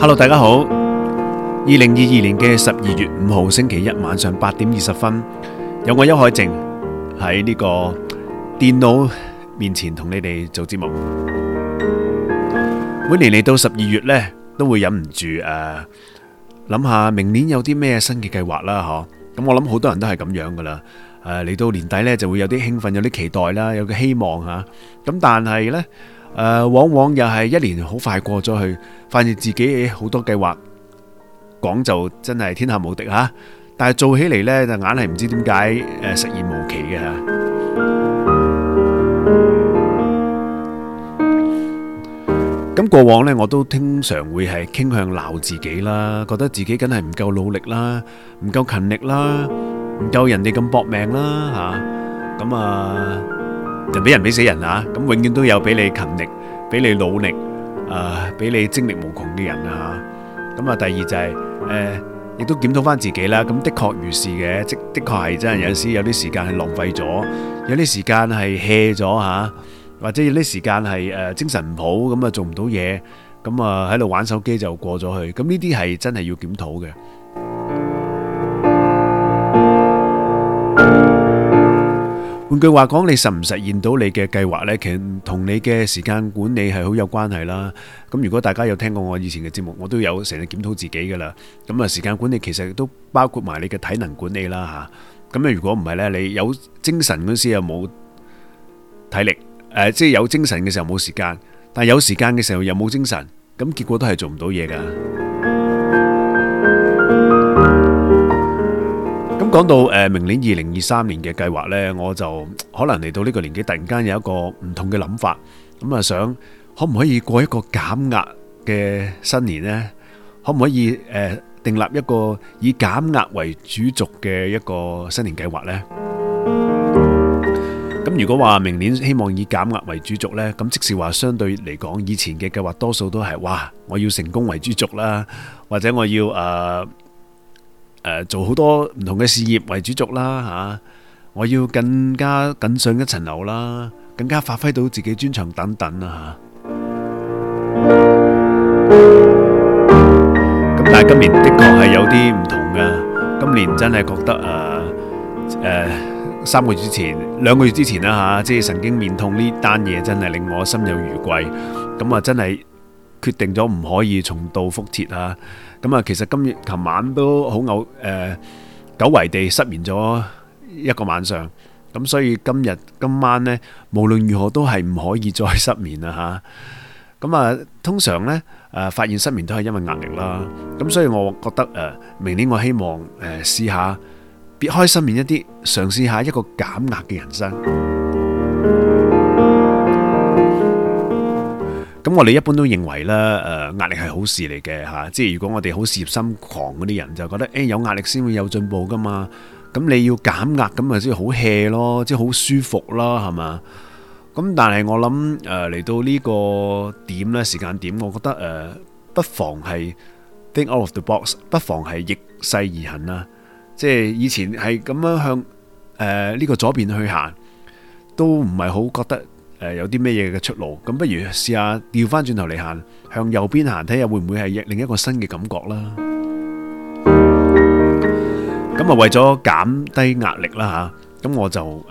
Hello，大家好。二零二二年嘅十二月五號星期一晚上八點二十分，有我邱海靖喺呢個電腦面前同你哋做節目。每年嚟到十二月呢，都會忍唔住誒，諗下明年有啲咩新嘅計劃啦，嗬。咁我諗好多人都係咁樣噶啦。誒，嚟到年底呢，就會有啲興奮，有啲期待啦，有個希望吓。咁但係呢。誒，往往又係一年好快過咗去，發現自己好多計劃講就真係天下無敵吓，但係做起嚟，呢就硬係唔知點解誒，實現無期嘅吓。咁過往呢，我都經常會係傾向鬧自己啦，覺得自己梗係唔夠努力啦，唔夠勤力啦，唔夠人哋咁搏命啦吓，咁啊。就俾人俾死人啊，咁永遠都有俾你勤力、俾你努力、啊、呃、俾你精力無窮嘅人啊，咁、呃、啊，第二就係、是、誒、亦、呃、都檢討翻自己啦。咁的確如是嘅，即的確係真係有陣時有啲時間係浪費咗，有啲時間係 hea 咗吓，或者有啲時間係誒精神唔好咁啊做唔到嘢，咁啊喺度玩手機就過咗去。咁呢啲係真係要檢討嘅。換句話講，你實唔實現到你嘅計劃呢，其實同你嘅時間管理係好有關係啦。咁如果大家有聽過我以前嘅節目，我都有成日檢討自己噶啦。咁啊，時間管理其實都包括埋你嘅體能管理啦吓。咁啊，如果唔係呢，你有精神嗰時又冇體力，誒，即係有精神嘅時候冇時間，但係有時間嘅時候又冇精神，咁結果都係做唔到嘢噶。講到誒，明年二零二三年嘅計劃呢，我就可能嚟到呢個年紀，突然間有一個唔同嘅諗法，咁啊想可唔可以過一個減壓嘅新年呢？可唔可以誒，訂立一個以減壓為主軸嘅一個新年計劃呢？咁如果話明年希望以減壓為主軸呢，咁即是話相對嚟講，以前嘅計劃多數都係哇，我要成功為主軸啦，或者我要誒。誒，做好多唔同嘅事業為主軸啦，吓，我要更加緊上一層樓啦，更加發揮到自己專長等等啊，吓。咁但係今年的確係有啲唔同㗎，今年真係覺得誒，誒，三個月之前，兩個月之前啦，吓，即係神經面痛呢單嘢真係令我心有餘悸，咁啊真係。決定咗唔可以重蹈覆轍啊！咁啊，其實今日琴晚都好嘔，誒，久違地失眠咗一個晚上。咁所以今日今晚咧，無論如何都係唔可以再失眠啦吓。咁啊，通常咧誒，發現失眠都係因為壓力啦。咁所以我覺得誒，明年我希望誒，試下別開失眠別開生面一啲，嘗試下一個減壓嘅人生。咁我哋一般都認為啦，誒、呃、壓力係好事嚟嘅吓，即係如果我哋好事業心狂嗰啲人就覺得，誒、哎、有壓力先會有進步㗎嘛。咁你要減壓，咁咪先好 hea 咯，即係好舒服啦，係嘛？咁但係我諗，誒、呃、嚟到呢個點咧，時間點，我覺得誒、呃、不妨係 think out of the box，不妨係逆勢而行啦。即係以前係咁樣向誒呢、呃這個左邊去行，都唔係好覺得。誒有啲咩嘢嘅出路咁，不如試下掉返轉頭嚟行，向右邊行睇下會唔會係另一個新嘅感覺啦。咁啊，為咗減低壓力啦嚇，咁我就誒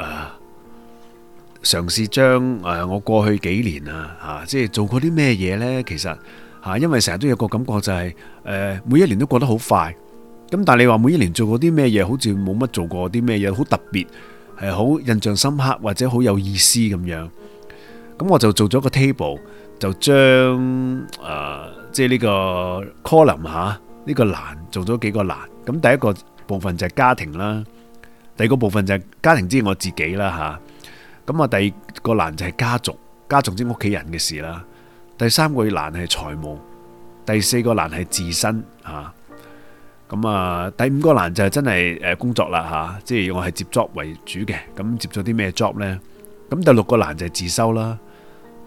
嘗試將誒我過去幾年啊嚇，即係做過啲咩嘢呢？其實嚇，因為成日都有個感覺就係誒每一年都過得好快。咁但係你話每一年做過啲咩嘢，好似冇乜做過啲咩嘢，好特別係好印象深刻或者好有意思咁樣。咁我就做咗個 table，就將誒即係呢個 column 吓、啊，呢、呢個欄做咗幾個欄。咁第一個部分就係家庭啦，第二個部分就係家庭之我自己啦吓。咁啊，第二個欄就係家族，家族之屋企人嘅事啦。第三個欄係財務，第四個欄係自身吓。咁啊，啊，第五個欄就係真係誒工作啦吓，即、啊、係、就是、我係接 job 為主嘅。咁接咗啲咩 job 呢？咁第六個欄就係自修啦。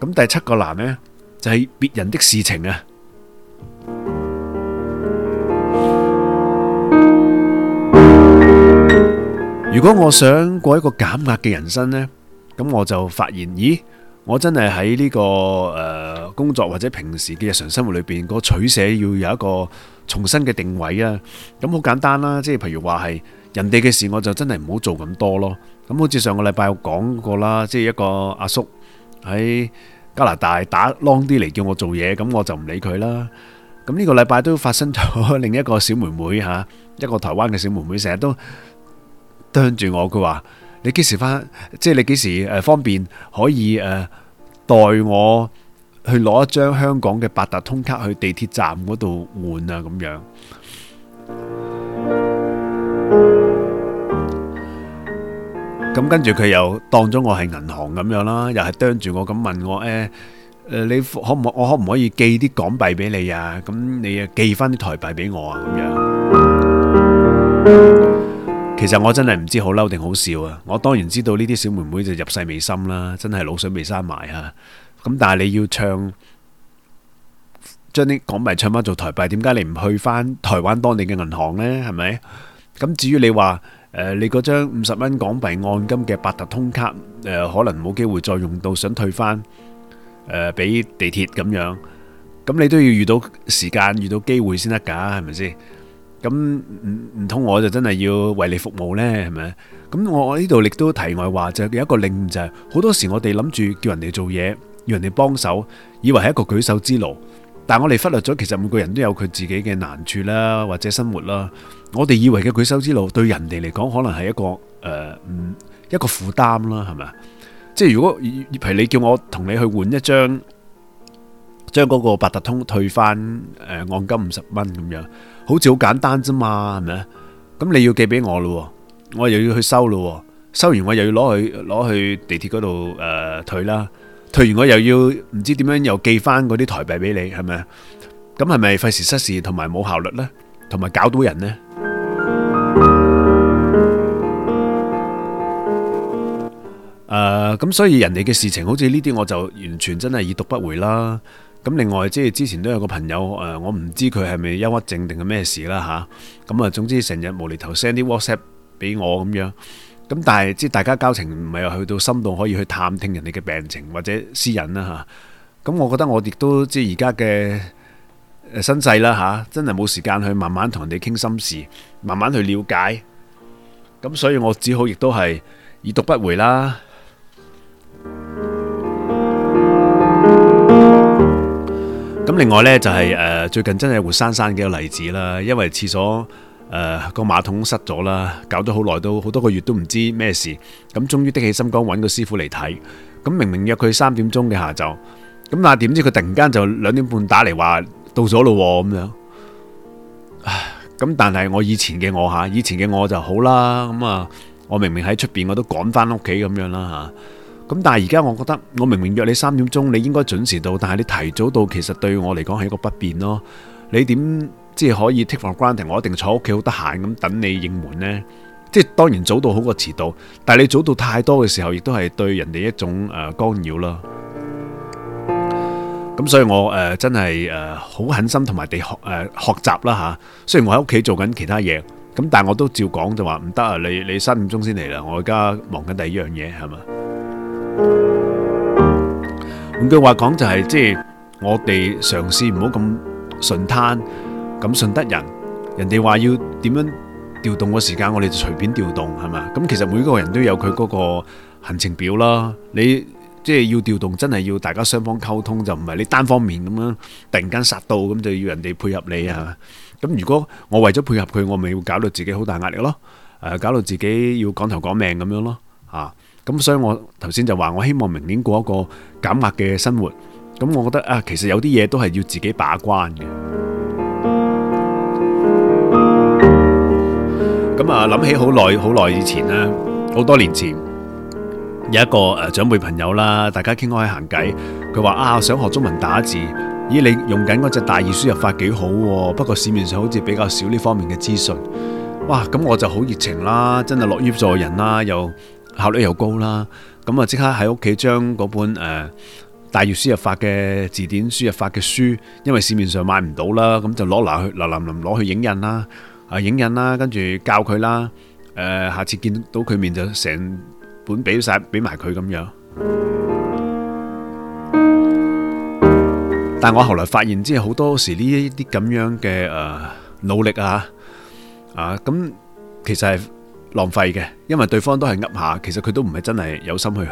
咁第七個難呢，就係別人的事情啊！如果我想過一個減壓嘅人生呢，咁我就發現，咦，我真係喺呢個誒工作或者平時嘅日常生活裏邊個取捨要有一個重新嘅定位啊！咁好簡單啦，即係譬如話係人哋嘅事，我就真係唔好做咁多咯。咁好似上個禮拜我講過啦，即係一個阿叔喺加拿大打 long 啲嚟叫我做嘢，咁我就唔理佢啦。咁呢個禮拜都發生咗另一個小妹妹吓，一個台灣嘅小妹妹，成日都啄住我。佢話你幾時返，即係你幾時誒方便可以誒、呃、代我去攞一張香港嘅八達通卡去地鐵站嗰度換啊，咁樣。咁跟住佢又當咗我係銀行咁樣啦，又係啄住我咁問我誒、誒，你可唔我可唔可以寄啲港幣俾你啊？咁你啊寄翻啲台幣俾我啊？咁樣，其實我真係唔知好嬲定好笑啊！我當然知道呢啲小妹妹就入世未深啦，真係腦囟未生埋呀。咁但係你要唱將啲港幣唱翻做台幣，點解你唔去翻台灣當地嘅銀行呢？係咪？咁至於你話，誒，你嗰張五十蚊港幣按金嘅八達通卡，誒，可能冇機會再用到，想退翻，誒，俾地鐵咁樣，咁你都要遇到時間遇到機會先得噶，係咪先？咁唔唔通我就真係要為你服務呢，係咪？咁我呢度亦都題外話就有一個領悟就係，好多時我哋諗住叫人哋做嘢，要人哋幫手，以為係一個舉手之勞。但我哋忽略咗，其實每個人都有佢自己嘅難處啦，或者生活啦。我哋以為嘅舉手之路，對人哋嚟講可能係一個誒，嗯、呃，一個負擔啦，係咪？即係如果，譬如你叫我同你去換一張，將嗰個八達通退翻，誒、呃，按金五十蚊咁樣，好似好簡單啫嘛，係咪？咁你要寄俾我咯，我又要去收咯，收完我又要攞去攞去地鐵嗰度誒退啦。呃退完我又要唔知點樣又寄翻嗰啲台幣俾你係咪？咁係咪費事失事同埋冇效率呢？同埋搞到人呢？誒，咁所以人哋嘅事情好似呢啲我就完全真係已讀不回啦。咁另外即係之前都有個朋友誒，我唔知佢係咪憂鬱症定係咩事啦吓。咁，啊總之成日無厘頭 send 啲 WhatsApp 俾我咁樣。咁但係即係大家交情唔係去到深度，可以去探聽人哋嘅病情或者私隱啦吓，咁、啊、我覺得我亦都即係而家嘅、誒身世啦吓、啊，真係冇時間去慢慢同人哋傾心事，慢慢去了解，咁所以我只好亦都係已讀不回啦。咁 另外呢，就係、是、誒最近真係活生生嘅一個例子啦，因為廁所。誒、呃，個馬桶塞咗啦，搞咗好耐，都好多個月都唔知咩事，咁終於的起心肝揾個師傅嚟睇，咁明明約佢三點鐘嘅下晝，咁但係點知佢突然間就兩點半打嚟話到咗咯咁樣，咁但係我以前嘅我吓，以前嘅我就好啦，咁啊，我明明喺出邊我都趕翻屋企咁樣啦吓，咁但係而家我覺得我明明約你三點鐘，你應該準時到，但係你提早到其實對我嚟講係一個不便咯，你點？即係可以 take g r a n t 我一定坐屋企好得閒咁等你應門呢。即係當然早到好過遲到，但係你早到太多嘅時候，亦都係對人哋一種誒、呃、干擾啦。咁所以我誒、呃、真係誒好狠心同埋地學誒、呃、學習啦吓。雖然我喺屋企做緊其他嘢，咁但係我都照講就話唔得啊！你你三點鐘先嚟啦，我而家忙緊第二樣嘢係嘛？換句話講就係、是，即係我哋嘗試唔好咁順攤。咁順得人，人哋話要點樣調動個時間，我哋就隨便調動係嘛？咁其實每個人都有佢嗰個行程表啦。你即係要調動，真係要大家雙方溝通，就唔係你單方面咁樣突然間殺到，咁就要人哋配合你啊，係嘛？咁如果我為咗配合佢，我咪要搞到自己好大壓力咯？誒、啊，搞到自己要趕頭趕命咁樣咯。啊，咁所以我頭先就話，我希望明年過一個減壓嘅生活。咁我覺得啊，其實有啲嘢都係要自己把關嘅。咁啊，諗起好耐好耐以前啦，好多年前，有一個誒長輩朋友啦，大家傾開行偈，佢話啊，想學中文打字，咦，你用緊嗰隻大易輸入法幾好喎，不過市面上好似比較少呢方面嘅資訊，哇，咁我就好熱情啦，真係樂於助人啦，又效率又高啦，咁啊即刻喺屋企將嗰本誒、呃、大易輸入法嘅字典輸入法嘅書，因為市面上買唔到啦，咁就攞嗱去嗱嗱臨攞去影印啦。啊影印啦，跟住教佢啦，誒、啊，下次見到佢面就成本俾晒，俾埋佢咁樣。但我後來發現，即係好多時呢一啲咁樣嘅誒、呃、努力啊，啊咁其實係浪費嘅，因為對方都係噏下，其實佢都唔係真係有心去學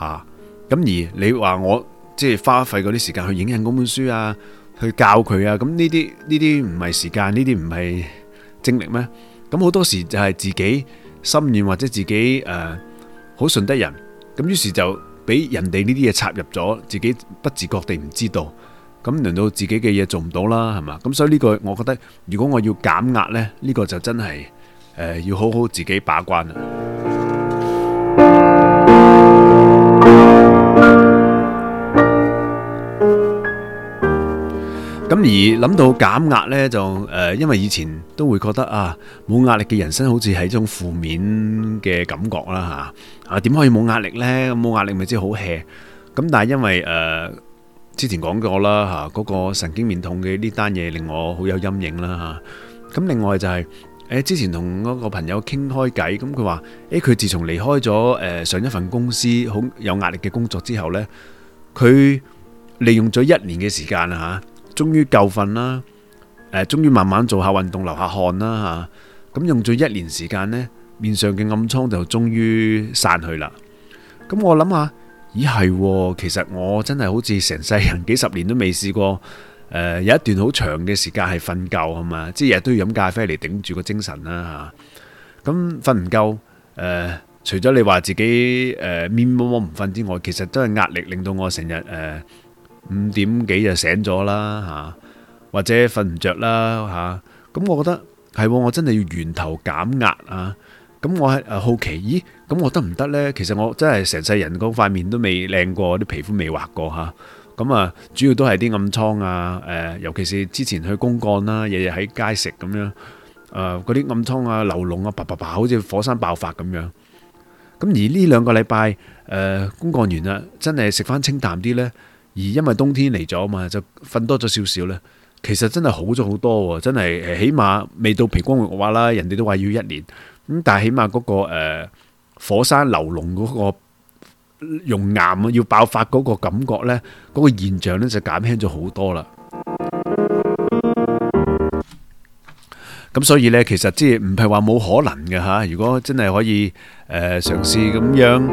吓。咁、啊、而你話我即係花費嗰啲時間去影印嗰本書啊，去教佢啊，咁呢啲呢啲唔係時間，呢啲唔係。精力咩？咁好多時就係自己心軟，或者自己誒，好順得人，咁於是就俾人哋呢啲嘢插入咗，自己不自覺地唔知道，咁輪到自己嘅嘢做唔到啦，係嘛？咁所以呢個我覺得，如果我要減壓呢，呢、呢個就真係誒、呃、要好好自己把關啦。咁而諗到減壓咧，就誒，因為以前都會覺得啊，冇壓力嘅人生好似係一種負面嘅感覺啦。吓啊，點可以冇壓力咧？冇壓力咪即係好 hea。咁但係因為誒之前講過啦吓，嗰個神經面痛嘅呢單嘢令我好有陰影啦吓。咁另外就係誒，之前同嗰個朋友傾開偈，咁佢話誒，佢自從離開咗誒上一份公司好有壓力嘅工作之後咧，佢利用咗一年嘅時間啊吓。終於夠瞓啦，誒，終於慢慢做下運動，流下汗啦吓，咁用咗一年時間呢，面上嘅暗瘡就終於散去啦。咁我諗下，咦係，其實我真係好似成世人幾十年都未試過，誒，有一段好長嘅時間係瞓覺，係嘛，即係日都要飲咖啡嚟頂住個精神啦吓。咁瞓唔夠，誒，除咗你話自己誒面望望唔瞓之外，其實都係壓力令到我成日誒。五點幾就醒咗啦吓，或者瞓唔着啦吓。咁、啊、我覺得係、哦、我真係要源頭減壓啊。咁我係好奇，咦咁我得唔得呢？其實我真係成世人嗰塊面都未靚過，啲皮膚未滑過吓。咁啊，主要都係啲暗瘡啊，誒，尤其是之前去公幹啦，日日喺街食咁樣誒，嗰、啊、啲暗瘡啊、流膿啊，啪啪啪，好似火山爆發咁樣。咁而呢兩個禮拜誒，公幹完啊，啊完真係食翻清淡啲呢。而因為冬天嚟咗嘛，就瞓多咗少少咧。其實真係好咗好多，真係誒起碼未到皮光肉滑啦。人哋都話要一年，咁但係起碼嗰個誒火山流膿嗰個熔岩啊，要爆發嗰個感覺咧，嗰個現象咧就減輕咗好多啦。咁所以咧，其實即係唔係話冇可能嘅嚇。如果真係可以誒嘗試咁樣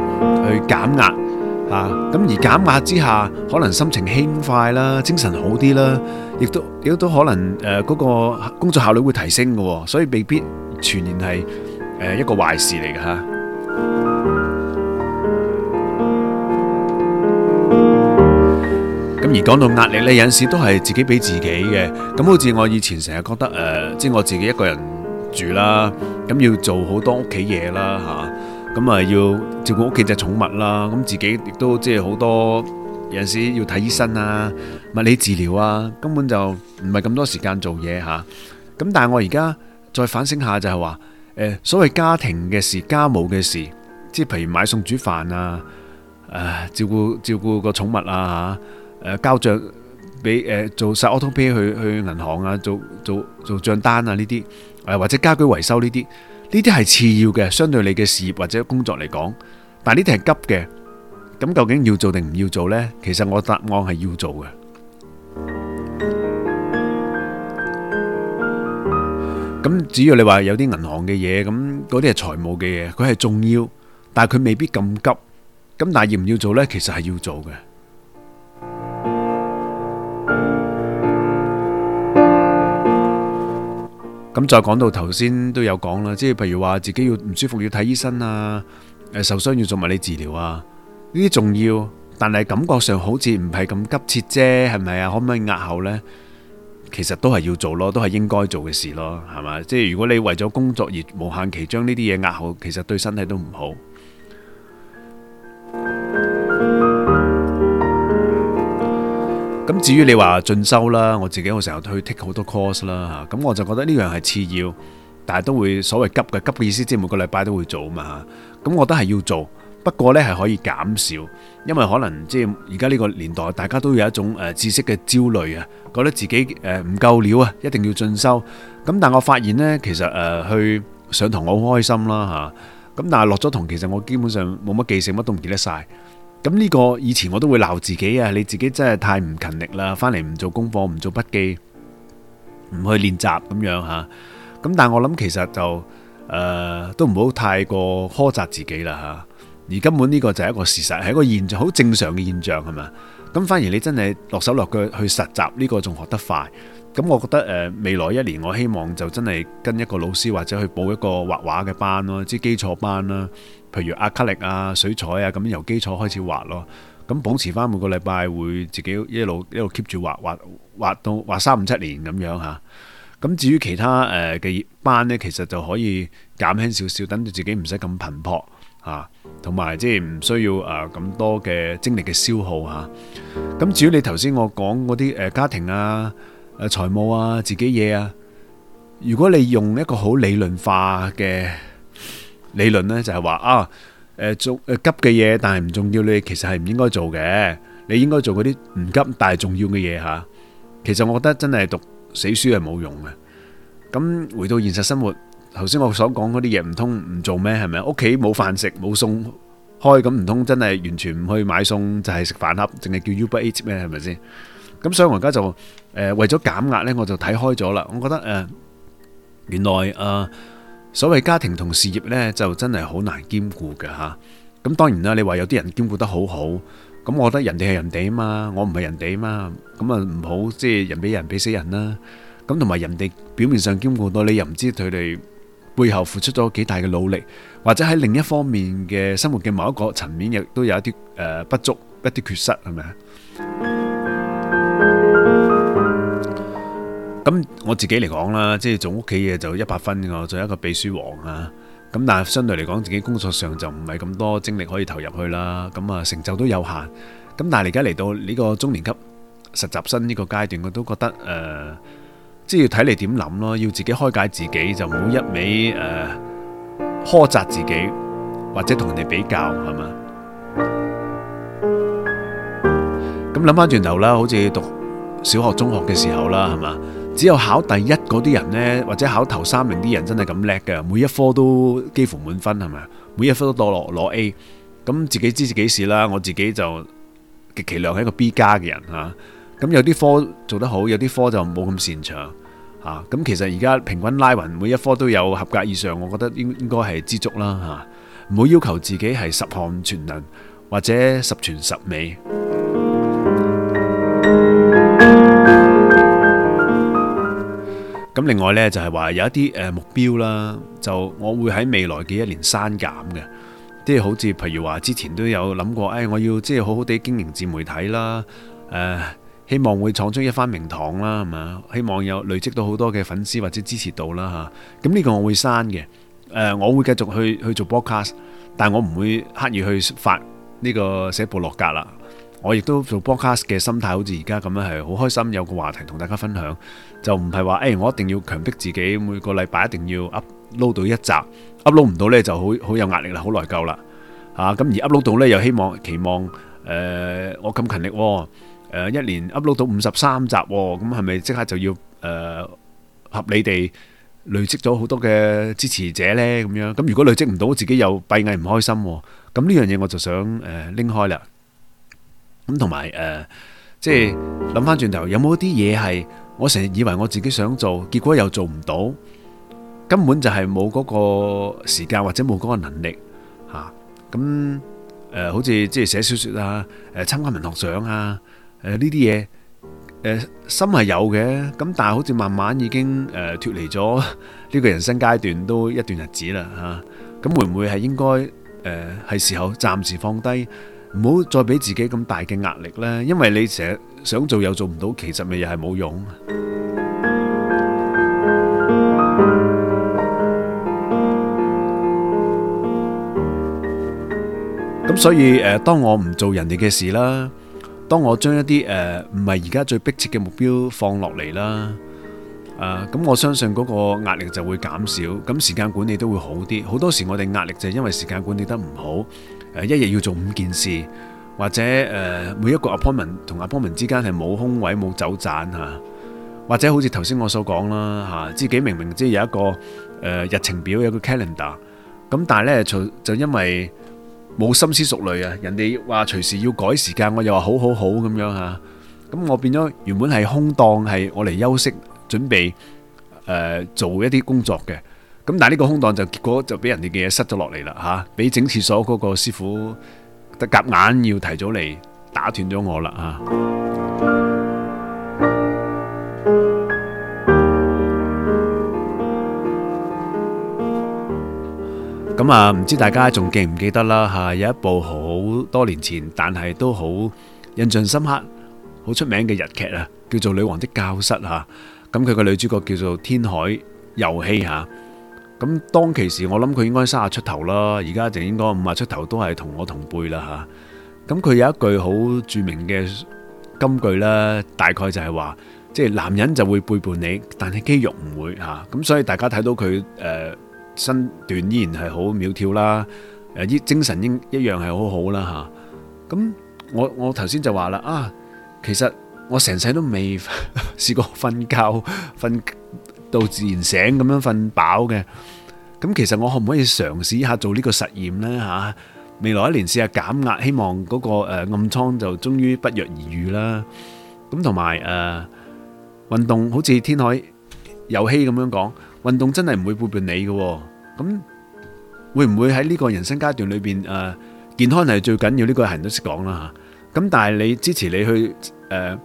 去減壓。啊，咁而減壓之下，可能心情輕快啦，精神好啲啦，亦都亦都可能誒嗰個工作效率會提升嘅，所以未必全然係誒一個壞事嚟嘅嚇。咁而講到壓力呢，有陣時都係自己俾自己嘅。咁好似我以前成日覺得誒，即係我自己一個人住啦，咁要做好多屋企嘢啦嚇。咁啊，要照顧屋企隻寵物啦，咁自己亦都即係好多有陣時要睇醫生啊、物理治療啊，根本就唔係咁多時間做嘢嚇。咁但係我而家再反省下就係話，所謂家庭嘅事、家務嘅事，即係譬如買餸煮飯啊、誒照顧照顧個寵物啊嚇、誒交帳俾做晒 auto pay 去去銀行啊、做做做帳單啊呢啲，或者家居維修呢啲。呢啲係次要嘅，相對你嘅事業或者工作嚟講，但係呢啲係急嘅。咁究竟要做定唔要做呢？其實我答案係要做嘅。咁只要你話有啲銀行嘅嘢，咁嗰啲係財務嘅嘢，佢係重要，但係佢未必咁急。咁但係要唔要做呢？其實係要做嘅。咁再講到頭先都有講啦，即係譬如話自己要唔舒服要睇醫生啊，誒受傷要做物理治療啊，呢啲重要，但係感覺上好似唔係咁急切啫，係咪啊？可唔可以壓後呢？其實都係要做咯，都係應該做嘅事咯，係嘛？即係如果你為咗工作而無限期將呢啲嘢壓後，其實對身體都唔好。咁至於你話進修啦，我自己我成日去 take 好多 course 啦，嚇，咁我就覺得呢樣係次要，但係都會所謂急嘅急嘅意思，即係每個禮拜都會做啊嘛，嚇。咁我覺得係要做，不過咧係可以減少，因為可能即係而家呢個年代，大家都有一種誒知識嘅焦慮啊，覺得自己誒唔夠料啊，一定要進修。咁但係我發現咧，其實誒去上堂我好開心啦，嚇，咁但係落咗堂，其實我基本上冇乜記性，乜都唔記得曬。咁呢個以前我都會鬧自己啊！你自己真係太唔勤力啦，翻嚟唔做功課，唔做筆記，唔去練習咁樣嚇。咁但係我諗其實就誒、呃、都唔好太過苛責自己啦吓。而根本呢個就係一個事實，係一個現象，好正常嘅現象係嘛？咁反而你真係落手落腳去實習，呢個仲學得快。咁我覺得、呃、未來一年我希望就真係跟一個老師或者去補一個畫畫嘅班咯，即係基礎班啦。譬如阿卡力啊、水彩啊，咁由基礎開始畫咯，咁保持翻每個禮拜會自己一路一路 keep 住畫，畫畫到畫三五七年咁樣吓。咁至於其他誒嘅班呢，其實就可以減輕少少，等到自己唔使咁頻撲吓，同埋即係唔需要誒咁多嘅精力嘅消耗吓。咁至於你頭先我講嗰啲誒家庭啊、誒財務啊、自己嘢啊，如果你用一個好理論化嘅。理論呢就係話啊，誒重誒急嘅嘢，但係唔重要你其實係唔應該做嘅，你應該做嗰啲唔急但係重要嘅嘢吓。其實我覺得真係讀死書係冇用嘅。咁回到現實生活，頭先我所講嗰啲嘢唔通唔做咩？係咪啊？屋企冇飯食冇餸開，咁唔通真係完全唔去買餸，就係食飯盒，淨係叫 Uber Eats 咩？係咪先？咁所以我而家就誒為咗減壓呢，我就睇開咗啦。我覺得誒原來誒。所謂家庭同事業呢，就真係好難兼顧㗎吓。咁當然啦，你話有啲人兼顧得好好，咁我覺得人哋係人哋啊嘛，我唔係人哋啊嘛，咁啊唔好即係人比人比死人啦。咁同埋人哋表面上兼顧到，你又唔知佢哋背後付出咗幾大嘅努力，或者喺另一方面嘅生活嘅某一個層面，亦都有一啲誒不足，一啲缺失係咪？咁我自己嚟講啦，即係做屋企嘢就一百分嘅，我做一個秘書王啊。咁但係相對嚟講，自己工作上就唔係咁多精力可以投入去啦。咁啊，成就都有限。咁但係而家嚟到呢個中年級實習生呢個階段，我都覺得誒，即係要睇你點諗咯，要自己開解自己，就唔好一味誒苛責自己，或者同人哋比較係嘛。咁諗翻轉頭啦，好似讀小學、中學嘅時候啦，係嘛？只有考第一嗰啲人呢，或者考頭三名啲人真係咁叻嘅，每一科都幾乎滿分係咪？每一科都墮落攞 A，咁自己知自己事啦。我自己就極其量係一個 B 加嘅人吓。咁有啲科做得好，有啲科就冇咁擅長吓。咁其實而家平均拉勻，每一科都有合格以上，我覺得應應該係知足啦吓。唔好要，要求自己係十項全能或者十全十美。咁另外呢，就係話有一啲誒目標啦，就我會喺未來嘅一年刪減嘅，即係好似譬如話之前都有諗過，誒我要即係好好地經營自媒體啦，誒希望會創出一番名堂啦，係嘛？希望有累積到好多嘅粉絲或者支持度啦嚇。咁呢個我會刪嘅，誒我會繼續去去做 broadcast，但我唔會刻意去發呢個寫部落格啦。我亦都做 podcast 嘅心態，好似而家咁樣，係好開心有個話題同大家分享，就唔係話誒，我一定要強迫自己每個禮拜一定要 upload 到一集，upload 唔到呢就好好有壓力啦，好內疚啦，吓。咁而 upload 到呢又希望期望誒我咁勤力，誒一年 upload 到五十三集，咁係咪即刻就要誒合理地累積咗好多嘅支持者呢？咁樣，咁如果累積唔到，自己又閉翳唔開心，咁呢樣嘢我就想誒拎開啦。咁同埋誒，即係諗翻轉頭，有冇啲嘢係我成日以為我自己想做，結果又做唔到，根本就係冇嗰個時間或者冇嗰個能力吓。咁誒，好似即係寫小説啊，誒參加文學獎啊，誒呢啲嘢誒心係有嘅，咁但係好似慢慢已經誒脱離咗呢個人生階段都一段日子啦吓。咁會唔會係應該誒係時候暫時放低？唔好再俾自己咁大嘅壓力啦，因為你成日想做又做唔到，其實咪又係冇用。咁、嗯、所以誒、呃，當我唔做人哋嘅事啦，當我將一啲誒唔係而家最迫切嘅目標放落嚟啦，誒、呃，咁我相信嗰個壓力就會減少，咁時間管理都會好啲。好多時我哋壓力就係因為時間管理得唔好。誒一日要做五件事，或者誒每一個 appointment 同 appointment 之間係冇空位冇走盞嚇，或者好似頭先我所講啦嚇，自己明明即係有一個誒日程表，有個 calendar，咁但係呢就就因為冇深思熟慮啊，人哋話隨時要改時間，我又話好好好咁樣嚇，咁我變咗原本係空檔係我嚟休息準備誒做一啲工作嘅。咁但係呢個空檔就結果就俾人哋嘅嘢塞咗落嚟啦吓，俾整廁所嗰個師傅得夾硬，要提早嚟打斷咗我啦吓。咁啊，唔知大家仲記唔記得啦吓？有一部好多年前，但係都好印象深刻、好出名嘅日劇啊，叫做《女王的教室》吓。咁佢個女主角叫做天海佑希吓。咁當其時，我諗佢應該三十出頭啦，而家就應該五啊出頭，是出頭都係同我同輩啦吓。咁佢有一句好著名嘅金句啦，大概就係話，即係男人就會背叛你，但係肌肉唔會吓。咁所以大家睇到佢，誒、呃、身段依然係好苗條啦，誒啲精神應一樣係好好啦吓。咁我我頭先就話啦啊，其實我成世都未試過瞓覺瞓到自然醒咁樣瞓飽嘅，咁其實我可唔可以嘗試一下做呢個實驗呢？吓，未來一年試下減壓，希望嗰個誒暗瘡就終於不藥而癒啦。咁同埋誒運動，好似天海有希咁樣講，運動真係唔會背叛你嘅。咁會唔會喺呢個人生階段裏邊誒，健康係最緊要？呢個係人都識講啦吓。咁但係你支持你去誒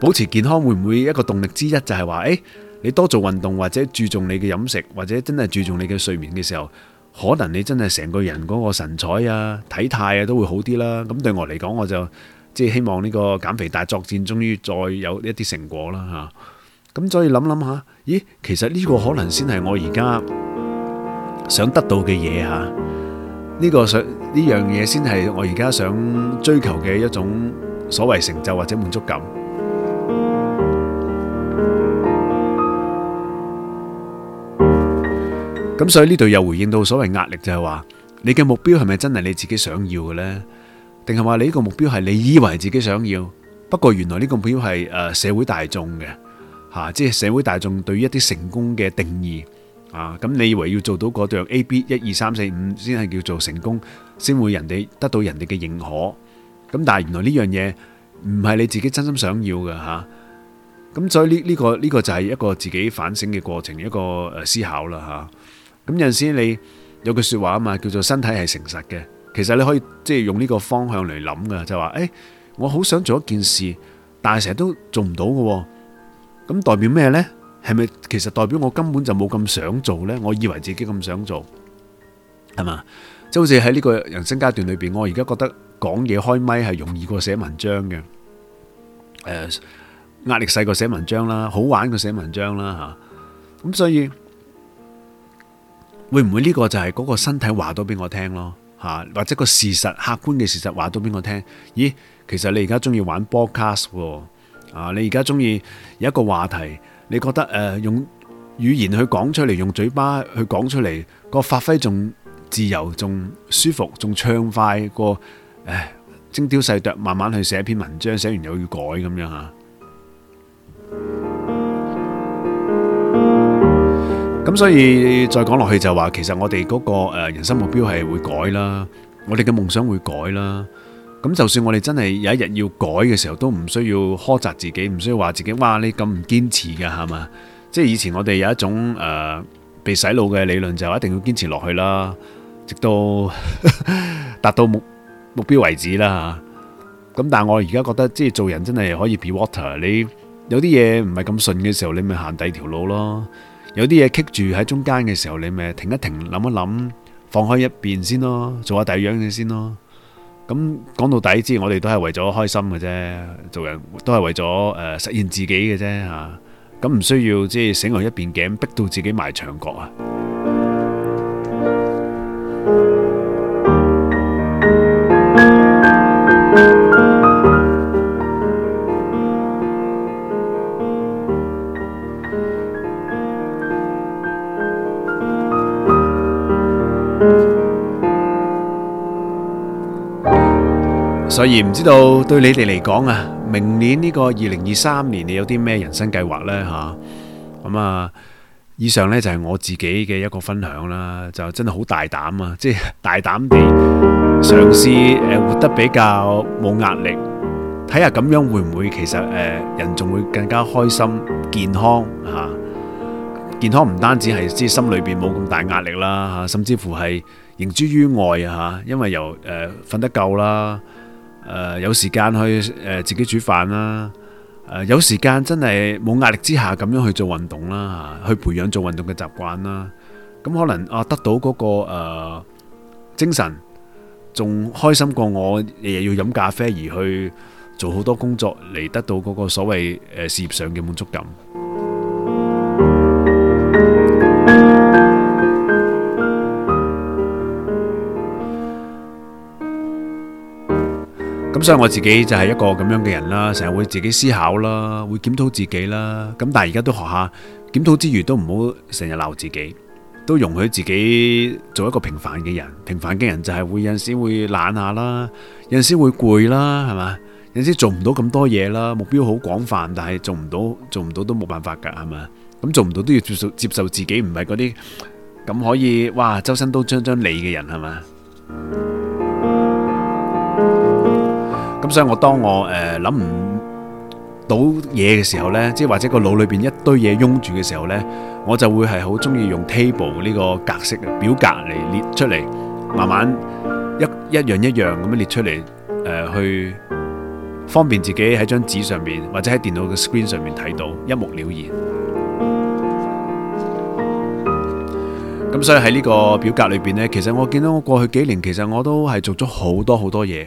保持健康，會唔會一個動力之一就係話誒？你多做運動或者注重你嘅飲食或者真係注重你嘅睡眠嘅時候，可能你真係成個人嗰個神采啊、體態啊都會好啲啦。咁對我嚟講，我就即係希望呢個減肥大作戰終於再有一啲成果啦吓。咁所以諗諗下，咦，其實呢個可能先係我而家想得到嘅嘢吓。呢個想呢樣嘢先係我而家想追求嘅一種所謂成就或者滿足感。咁所以呢度又回應到所謂壓力就係話你嘅目標係咪真係你自己想要嘅呢？定係話你呢個目標係你以為自己想要，不過原來呢個目標係誒社會大眾嘅吓，即係社會大眾對於一啲成功嘅定義啊。咁你以為要做到嗰對 A、B、一二三四五先係叫做成功，先會人哋得到人哋嘅認可。咁但係原來呢樣嘢唔係你自己真心想要嘅吓。咁所以呢呢個呢個就係一個自己反省嘅過程，一個誒思考啦吓。咁有陣時你有句說話啊嘛，叫做身體係誠實嘅。其實你可以即係用呢個方向嚟諗噶，就話誒，我好想做一件事，但係成日都做唔到嘅。咁代表咩呢？係咪其實代表我根本就冇咁想做呢？我以為自己咁想做，係嘛？即係好似喺呢個人生階段裏邊，我而家覺得講嘢開咪係容易過寫文章嘅。誒，壓力細過寫文章啦，好玩過寫文章啦吓。咁所以。會唔會呢個就係嗰個身體話多俾我聽咯，嚇或者個事實客觀嘅事實話多俾我聽？咦，其實你而家中意玩 podcast 喎，啊，你而家中意有一個話題，你覺得誒、呃、用語言去講出嚟，用嘴巴去講出嚟，個發揮仲自由，仲舒服，仲暢快過誒精雕細琢，慢慢去寫篇文章，寫完又要改咁樣嚇。啊咁所以再講落去就話，其實我哋嗰個誒人生目標係會改啦，我哋嘅夢想會改啦。咁就算我哋真係有一日要改嘅時候，都唔需要苛責自己，唔需要話自己哇你咁唔堅持噶係嘛？即係以前我哋有一種誒被洗腦嘅理論，就一定要堅持落去啦，直到達到目目標為止啦吓。咁但係我而家覺得，即係做人真係可以 be water。你有啲嘢唔係咁順嘅時候，你咪行第二條路咯。有啲嘢棘住喺中間嘅時候，你咪停一停，諗一諗，放開一邊先咯，做下第二樣嘢先咯。咁講到底，即係我哋都係為咗開心嘅啫，做人都係為咗誒實現自己嘅啫嚇。咁、啊、唔、啊、需要即係死牛一邊頸，逼到自己埋牆角啊！啊所以唔知道對你哋嚟講啊，明年呢個二零二三年你有啲咩人生計劃呢？吓咁啊，以上呢就係我自己嘅一個分享啦，就真係好大膽啊，即係大膽地嘗試活得比較冇壓力，睇下咁樣會唔會其實誒人仲會更加開心健康。健康唔單止係知心裏邊冇咁大壓力啦，吓，甚至乎係盈珠於外吓，因為由誒瞓得夠啦，誒有時間去誒自己煮飯啦，誒有時間真係冇壓力之下咁樣去做運動啦，吓，去培養做運動嘅習慣啦，咁可能啊得到嗰個誒精神仲開心過我日日要飲咖啡而去做好多工作嚟得到嗰個所謂誒事業上嘅滿足感。嗯，所以我自己就係一個咁樣嘅人啦，成日會自己思考啦，會檢討自己啦。咁但係而家都學下檢討之餘，都唔好成日鬧自己，都容許自己做一個平凡嘅人。平凡嘅人就係會有陣時會懶下啦，有陣時會攰啦，係嘛？有陣時做唔到咁多嘢啦，目標好廣泛，但係做唔到，做唔到都冇辦法噶，係嘛？咁做唔到都要接受接受自己，唔係嗰啲咁可以哇周身都張張利嘅人，係嘛？咁所以我，我當我誒諗唔到嘢嘅時候呢，即係或者個腦裏邊一堆嘢擁住嘅時候呢，我就會係好中意用 table 呢個格式嘅表格嚟列出嚟，慢慢一一樣一樣咁樣列出嚟、呃、去方便自己喺張紙上面或者喺電腦嘅 screen 上面睇到一目了然。咁所以喺呢個表格裏邊呢，其實我見到我過去幾年其實我都係做咗好多好多嘢。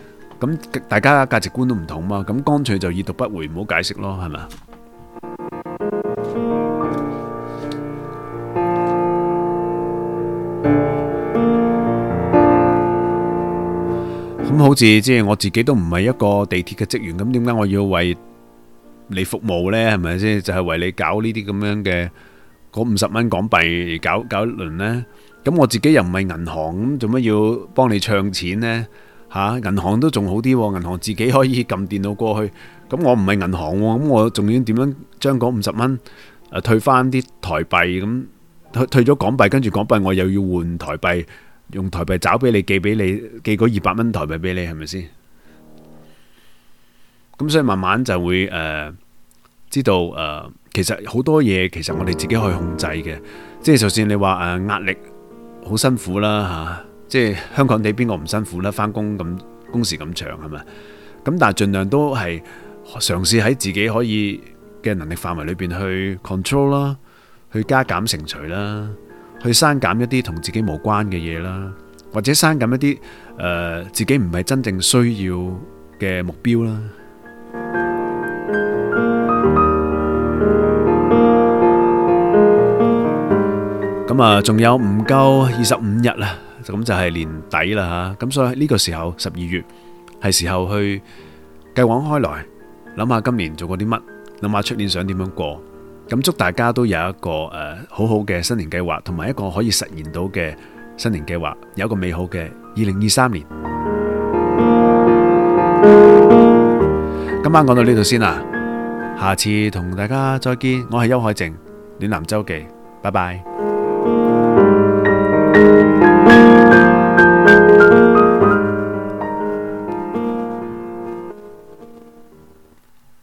咁大家價值觀都唔同嘛，咁乾脆就已讀不回，唔好解釋咯，係咪？咁好似即係我自己都唔係一個地鐵嘅職員，咁點解我要為你服務咧？係咪先？就係為你搞呢啲咁樣嘅嗰五十蚊港幣搞搞一輪咧？咁我自己又唔係銀行，咁做乜要幫你唱錢咧？嚇，銀行都仲好啲，銀行自己可以撳電腦過去。咁我唔係銀行喎，咁我仲要點樣將嗰五十蚊誒退翻啲台幣？咁退退咗港幣，跟住港幣我又要換台幣，用台幣找俾你，寄俾你，寄嗰二百蚊台幣俾你，係咪先？咁所以慢慢就會誒、呃、知道誒、呃，其實好多嘢其實我哋自己可以控制嘅，即係就算你話誒、呃、壓力好辛苦啦嚇。呃即係香港地，邊個唔辛苦啦？返工咁工時咁長係嘛？咁但係盡量都係嘗試喺自己可以嘅能力範圍裏邊去 control 啦，去加減乘除啦，去刪減一啲同自己無關嘅嘢啦，或者刪減一啲誒自己唔係真正需要嘅目標啦。咁啊，仲有唔夠二十五日啦～就咁就係年底啦吓，咁所以呢個時候十二月係時候去繼往開來，諗下今年做過啲乜，諗下出年想點樣過，咁祝大家都有一個誒好好嘅新年計劃，同埋一個可以實現到嘅新年計劃，有一個美好嘅二零二三年。今晚講到呢度先啦，下次同大家再見，我係邱海靖，暖男周記，拜拜。